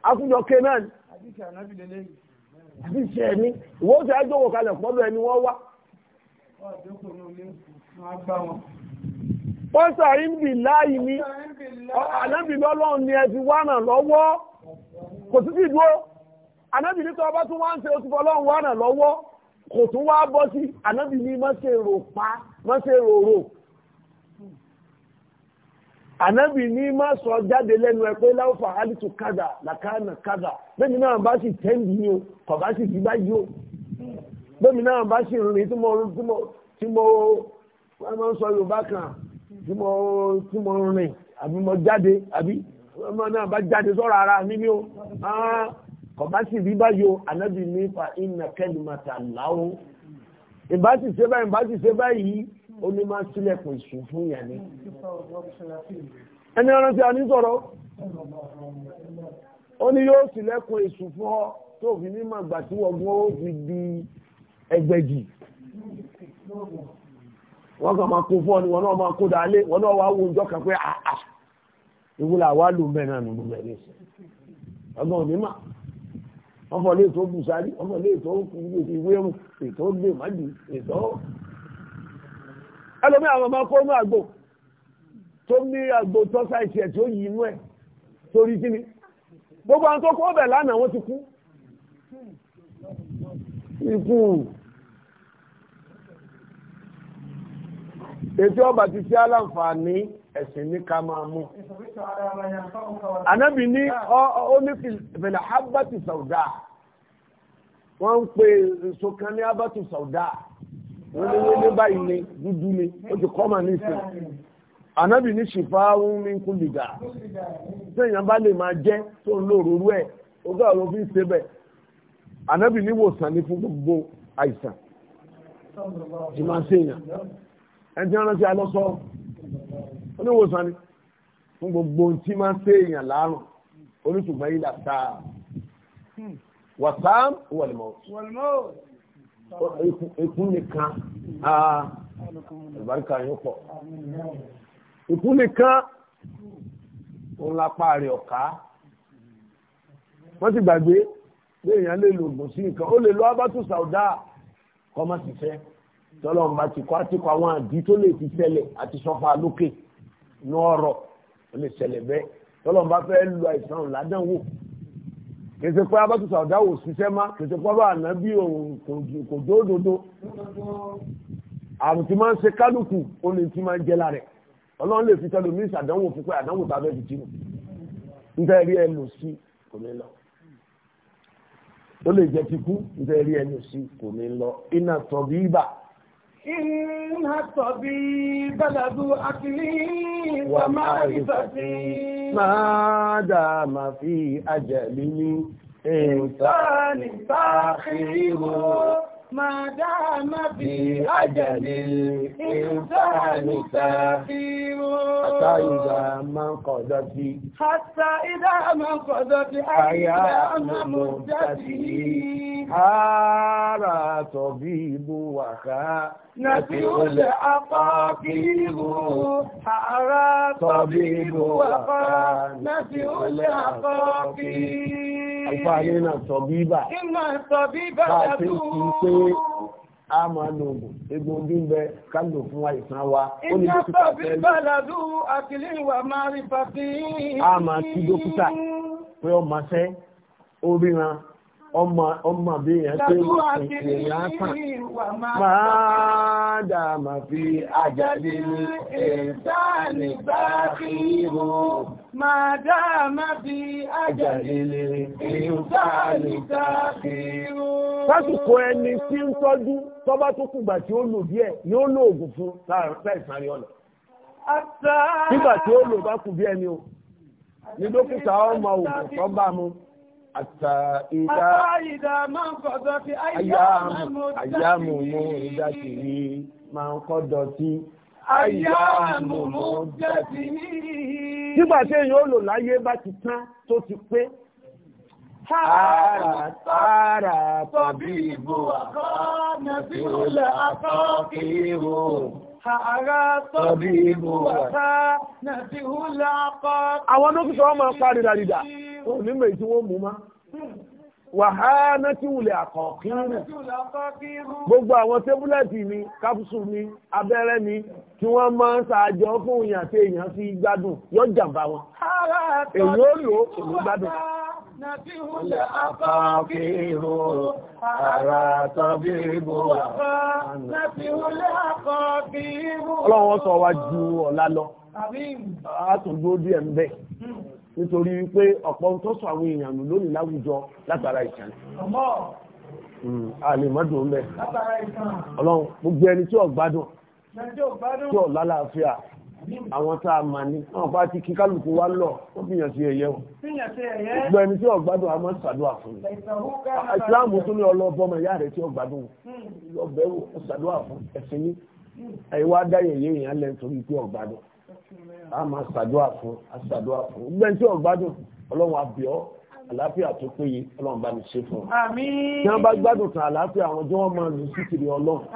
akúnjọ ké náà ni àti ìṣe ẹ̀mí ìwọ́n ti ájọ́ kalẹ̀ ẹni wọ́n wá. wọ́n sàrí ń bì láàyè ànábì lọ́lọ́run ni ẹ ti wá ràn lọ́wọ́ kò sí ọba tún wá ń ṣe oṣù fọlọ́run wá lọ́wọ́ kò tún ànábì ní má sọ jáde lẹ́nu ẹ pé láwùfà hálítù kádà làkánà kádà bẹ́ẹ̀ni náà bá sì tẹ́ǹdì yìí o kò bá sì gbígbá yìí o bẹ́ẹ̀ni náà bá sì rìn tí mo tí mo wọ́n máa ń sọ yorùbá kan tí mo tí mo rìn àbí mo jáde àbí ọmọ náà bá jáde sọ̀rọ̀ ara mi ni o kò bá sì rí báyìí o ànábì ní fa iná kẹ́lìmọ̀tà láwọn ìbá sì ṣe báyìí ìbá sì ṣe báyìí ó ní máa sílẹ̀kùn ìṣù fún ìyà ní ẹni ọ̀rọ̀ tí a ní sọ̀rọ̀ ó ní yóò sílẹ̀kùn ìṣù fún ọ tó fi ní máa tí wọ́n ó fi di ẹgbẹ̀jì wọ́n kàn máa kó fún ọ ni wọ́n náà máa kó dálé wọ́n náà wá wo ìjọ kan pé àà ah, ìwúlà ah, wá lù bẹ́ẹ̀ náà nù bẹ́ẹ̀ ọgbọ́n òní mà wọ́n fọ ilé ètò bùsárì wọ́n fọ ilé ètò ìwé mu ètò gbèmájú ètò ẹlòmí àwọn ọmọ kó ní àgbò tó ní àgbò tọ́sà ìṣẹ̀ tí ó yí inú ẹ̀ torí kí ni gbogbo àwọn tó kó bẹ̀ lánàá wọ́n ti kú ikú ètò ọba ti ṣe aláǹfààní ẹ̀sìn ní ká máa mú anábì ní ó ní fìlà habatu sauda wọ́n ń pe èso kan ní habatu sauda wọ́n ní wọ́n ní báyìí ni dúdú ni ó ti kọ́ mà ní ìsìn ànábì ní ṣìfà ń ní kú lìgà tí èèyàn bá lè máa jẹ́ tó ń lò rúrú ẹ̀ ogá ọ̀rọ̀ fi ń ṣe bẹ̀ ànábì ní wòsàn ní fún gbogbo àìsàn tí máa ń ṣe èèyàn ẹni tí wọ́n rántí alọ́sọ oníwòsàn ni fún gbogbo tí máa ń ṣe èèyàn láàrùn oníṣùgbọ́n yìí là sáà wàsáàm ikú nìkan àbáríkà yóò pọ̀ ikú nìkan òun lápá rẹ̀ ọ̀ká wọ́n ti gbàgbé pé èèyàn lè lo oògùn sí nǹkan ó lè lo abátú sàúdà kọ́mọ́ ti fẹ́ tọ́lọ́mù bá ti kọ́ àtìkọ́ àwọn àdí tó lè fi ṣẹlẹ̀ àti sọ́fà lókè ní ọ̀rọ̀ ó lè ṣẹlẹ̀ bẹ́ẹ̀ tọ́lọ́mù bá fẹ́ lu àìsàn ládánwò kèsè pé abátútù àdáwò ṣiṣẹ́ má kèsè pé ọba ànábì òun kò jó òdodo àrùn tí máa ń ṣe kálukú ó lè ti máa ń jẹ́ lára ẹ̀ ọlọ́run lè fi tẹ́lu mí ìṣàdánwò fún pé àdánwò tàbí ẹ̀fì tìǹbù níta ẹ̀rí ẹ̀ lò sí kò ní lọ ó lè jẹ́ ti kú níta ẹ̀rí ẹ̀ lò sí kò ní lọ iná tọ̀ bí ibà إن الطبيب لذو أكلي ومعرفتي ما دام في أجله إنسان تأخيره ما دام في أجل الإنسان سافر حتى إذا ما انقضت حتى إذا ما انقضت أيام مدته حار طبيب وخا نبي الأقاطيب حار طبيب وخا نبي الأقاطيب àlùfáà ní náà sọ bíbà láti kì í pé a máa lo oògùn egbò ojú ń bẹ ká fún àìsàn wa ó ní dókítà tẹ́lẹ̀ a máa kí dókítà pé ọmọ sẹ́ ó ríran ọmọ bí yẹn pé èèyàn sàn máa dàmà fi àjàdé ní ìsáàlì bá kí mú máa dàmà fi àjàdé ní ìsáàlì bá kí mú. sásìkò ẹni tí ń tọ́jú tọ́bá tó kùgbà tí ó lò díẹ̀ ni ó lo oògùn fún láìsàn ọ̀nà nígbà tí ó lò bá kù bí ẹni o ní dókítà ọmọ oògùn tó bá mu. Àtà ìdá máa ń kọ́dọ̀ tí àyàmù mú ìdá sí ní máa ń kọ́dọ̀ tí àyàmù mú ìdá sí ní. Nígbà tí èèyàn ó lò láyé bá ti tán tó ti pé. Tààrà tààrà tàbí ìbò àkọ́ nàbí olè àkọ́ kìí wò. Àwọn dókítà wọn máa ń parí dáadáa onímọ̀ èyí tí wọ́n mú má wàhánà tí wùlẹ̀ àkọ̀ọ̀kínrù gbogbo àwọn tébúlẹ̀tì mi kápsù mi abẹ́rẹ́ mi tí wọ́n máa ń ṣàjọ fún èèyàn àti èèyàn fi gbádùn yóò jàǹbá wọn èyí ó lò ó èmi gbádùn. Nàbí wùlẹ̀ àkọ̀ọ̀kínrù ara tàbí ibò wà. Nàbí wùlẹ̀ àkọ̀ọ̀kínrù. Ọlọ́run sọ wa ju ọ̀la lọ. Àtúndó díẹ̀ ń bẹ̀ nítorí wípé ọ̀pọ̀ ohun tó sọ àwọn èèyàn nù lónìí láwùjọ látara ìtàn àlèmọ́dùn ń bẹ ọlọ́run gbogbo ẹni tí ó gbádùn tí ó lálàáfíà àwọn tá a mà ní wọn bá ti kí kálukú wá lọ wọn fi yàn sí ẹyẹ o gbogbo ẹni tí ọgbádùn a máa ń ṣàdúrà fún ah, mi ìsìláàmù tún ní ọlọ́bọ́mọ ìyá rẹ̀ tí ọgbádùn hmm. ọbẹ̀ wo ṣàdúrà fún ẹ̀sìn ní ẹ̀yìn hmm. wá dá yẹ̀yẹ́ yẹn lẹ́nu torí pé ọgbádùn a máa ṣàdúrà fún a ṣàdúrà fún gbẹ́ni tí ọ̀gbádùn ọlọ́run àbíọ́ àlàáfíà tó péye ọlọ́run bá mi ṣe fún un. tí wọ́n bá gbádùn tán àlàáfíà àwọn tí wọ́n máa lò sí kiri ọlọ́run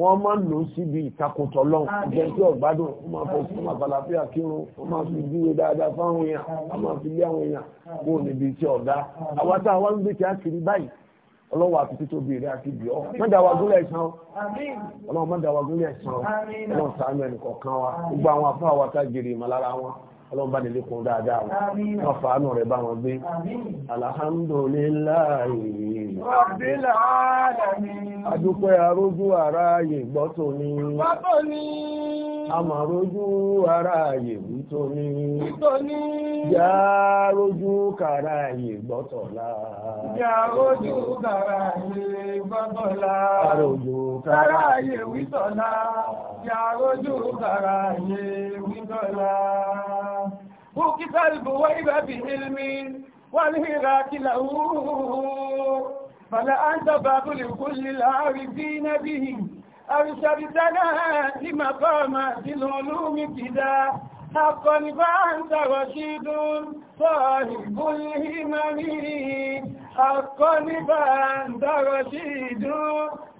wọ́n máa lò síbi ìtakùntọ̀ ọlọ́run gbẹ́ni tí ọ̀gbádùn wọ́n máa fọ́ sí wọ́n máa fàlàáfíà kírun wọ́n máa fi dúró dáadáa fáwọn èèyàn wọ́n máa fi lé àwọn èèyàn kó níbi tí ọ̀dá àwọn táwọn ń gbé kí á kiri báyìí ọlọ́wọ́ àti títóbi rẹ̀ àti ibi ọ́ mọ́dà wa gúnlẹ̀ ẹ̀sán ọlọ́wọ́ mọ́dà wa gúnlẹ̀ ẹ̀sán ọlọ́wọ́ sàánú ẹnì kọ̀ọ̀kan wa gbogbo àwọn afọ àwọn atájèrè ìmọ̀lára wọn ọlọ́wọ́ bá nílé kun dáadáa wọn wọn fàánù rẹ̀ bá wọn gbé alhamdulilayi adúpẹ́ arójú aráyè gbọ́tò ni àmọ̀rójú ara àyè wí tó ní. tó ní. yá rojú kàrà àyè gbọ́tọ̀lá. yá rojú kàrà àyè gbọ́tọ̀lá. àròjù kàrà àyè wí tọ̀lá. yá rojú kàrà àyè wí tọ̀lá. bùkítà ìbò wá ibà bí ilmi wọ́n ní ìlà kìlà wúhùhù. fàlà àǹtà bàbá lè kó lè láàrin bí nábìhìn. أرشدتنا لمقام في العلوم كذا حقا فأنت رشيد صاحب الهمم حقا فأنت رشيد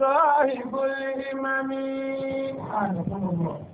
صاحب الهمم.